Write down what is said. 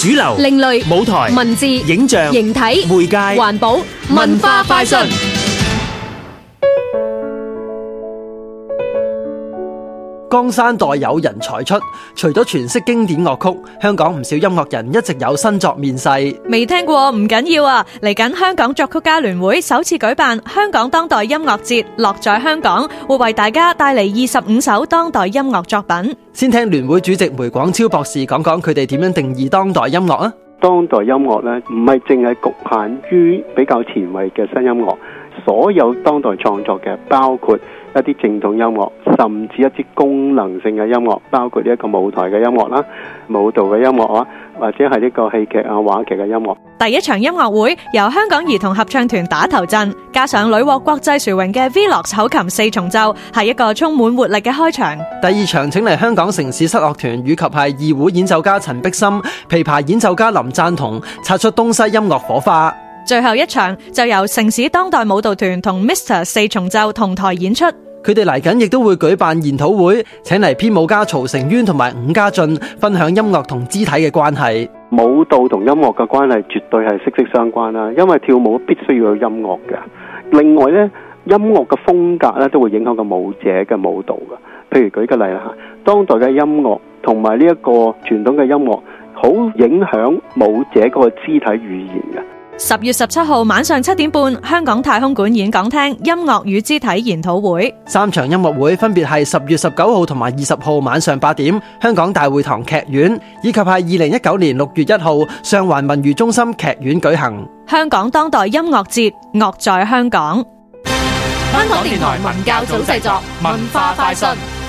主流、另類、舞台、文字、影像、形體、媒介、環保、文化、快訊。江山代有人才出，除咗詮釋經典樂曲，香港唔少音樂人一直有新作面世。未聽過唔緊要啊，嚟緊香港作曲家聯會首次舉辦香港當代音樂節樂在香港，會為大家帶嚟所有當代創作嘅，包括一啲正統音樂，甚至一啲功能性嘅音樂，包括一個舞台嘅音樂啦，舞蹈嘅音樂啊，或者係呢個戲劇啊、話劇嘅音樂。第一場音樂會由香港兒童合唱團打頭陣，加上屢獲國際殊榮嘅 V l o g 口琴四重奏，係一個充滿活力嘅開場。第二場請嚟香港城市室樂團，以及係二胡演奏家陳碧森、琵琶演奏家林贊同，擦出東西音樂火花。最後一場就由城市當代舞蹈團同 Mr 四重奏同台演出。佢哋嚟緊亦都會舉辦研討會，請嚟編舞家曹成淵同埋伍家俊分享音樂同肢體嘅關係。舞蹈同音樂嘅關係絕對係息息相關啦，因為跳舞必須要有音樂嘅。另外呢，音樂嘅風格咧都會影響個舞者嘅舞蹈㗎。譬如舉個例啦，當代嘅音樂同埋呢一個傳統嘅音樂，好影響舞者嗰個肢體語言嘅。十月十七號晚上七點半，香港太空館演講廳，音樂與肢體研討會。三場音樂會分別係十月十九號同埋二十號晚上八點，香港大會堂劇院以及係二零一九年六月一號上環文娛中心劇院舉行香港當代音樂節樂在香港。香港電台文教組製作文化快訊。